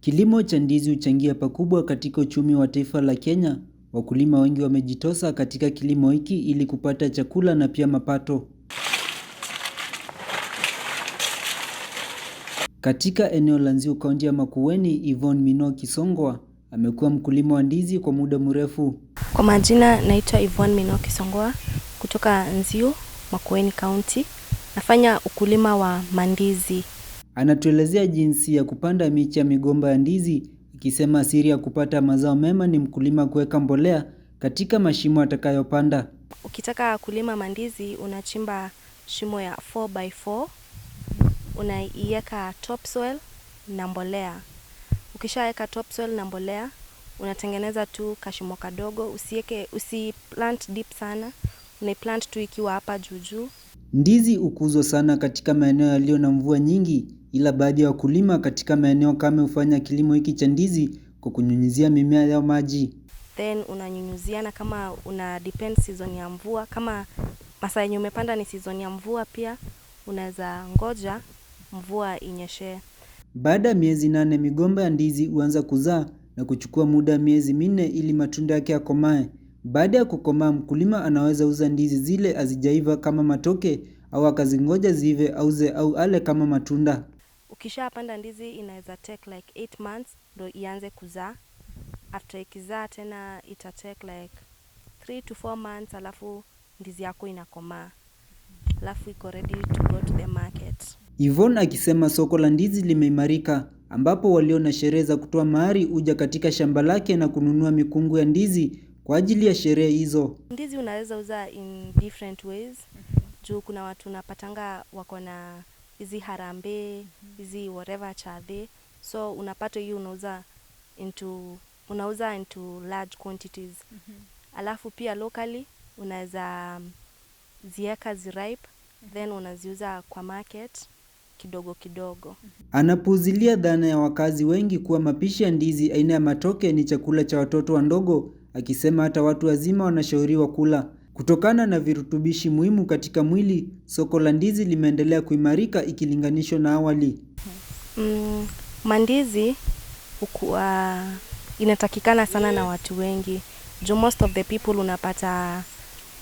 Kilimo cha ndizi huchangia pakubwa katika uchumi wa taifa la Kenya. Wakulima wengi wamejitosa katika kilimo hiki ili kupata chakula na pia mapato. Katika eneo la Nzio, kaunti ya Makueni, Yvonne Mino Kisongwa amekuwa mkulima wa ndizi kwa muda mrefu. Kwa majina naitwa Yvonne Minoki Songoa kutoka Nzio, Makueni County. Nafanya ukulima wa mandizi. Anatuelezea jinsi ya kupanda miche ya migomba ya ndizi, ikisema siri ya kupata mazao mema ni mkulima kuweka mbolea katika mashimo atakayopanda. Ukitaka kulima mandizi, unachimba shimo ya 4x4 unaiweka topsoil na mbolea. Ukishaweka topsoil na mbolea unatengeneza tu kashimo kadogo, usieke plant deep sana, plant tu ikiwa hapa juu juu. Ndizi hukuzwa sana katika maeneo yaliyo na mvua nyingi, ila baadhi ya wakulima katika maeneo kame hufanya kilimo hiki cha ndizi kwa kunyunyizia mimea yao maji. Then unanyunyizia na kama una depend season ya mvua, kama masaa yenye umepanda ni season ya mvua, pia unaweza ngoja mvua inyeshe. Baada ya miezi nane migomba ya ndizi huanza kuzaa na kuchukua muda miezi minne ili matunda yake yakomae. Baada ya kukomaa, mkulima anaweza uza ndizi zile hazijaiva kama matoke au akazingoja ziive auze au ale kama matunda. Ukishapanda ndizi inaweza take like 8 months ndo ianze kuzaa. After ikizaa tena ita take like 3 to 4 months alafu ndizi yako inakomaa. Alafu iko ready to go to the market. Yvonne akisema soko la ndizi limeimarika ambapo walio na sherehe za kutoa mahari huja katika shamba lake na kununua mikungu ya ndizi kwa ajili ya sherehe hizo. Ndizi unaweza uza in different ways juu kuna watu unapatanga wako na hizi harambee hizi whatever chadhe, so unapata hiyo unauza into unauza into large quantities mm -hmm. Alafu pia locally unaweza zieka ziripe then unaziuza kwa market mm kidogo kidogo. Anapuuzilia dhana ya wakazi wengi kuwa mapishi ya ndizi aina ya matoke ni chakula cha watoto wadogo, akisema hata watu wazima wanashauriwa kula kutokana na virutubishi muhimu katika mwili. Soko la ndizi limeendelea kuimarika ikilinganishwa na awali. Mm, mandizi ukua inatakikana sana na watu wengi juu most of the people unapata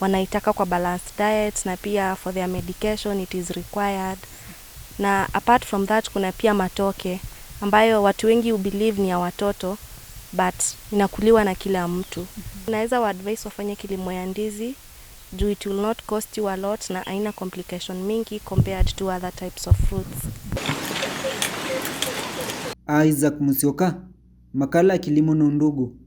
wanaitaka kwa balanced diet na pia for their medication it is required na apart from that kuna pia matoke ambayo watu wengi ubelieve ni ya watoto but inakuliwa na kila mtu. mm -hmm. Unaweza waadvise wafanye kilimo ya ndizi juu it will not cost you a lot na aina complication mingi compared to other types of fruits. Isaac musioka makala ya kilimo na Undugu.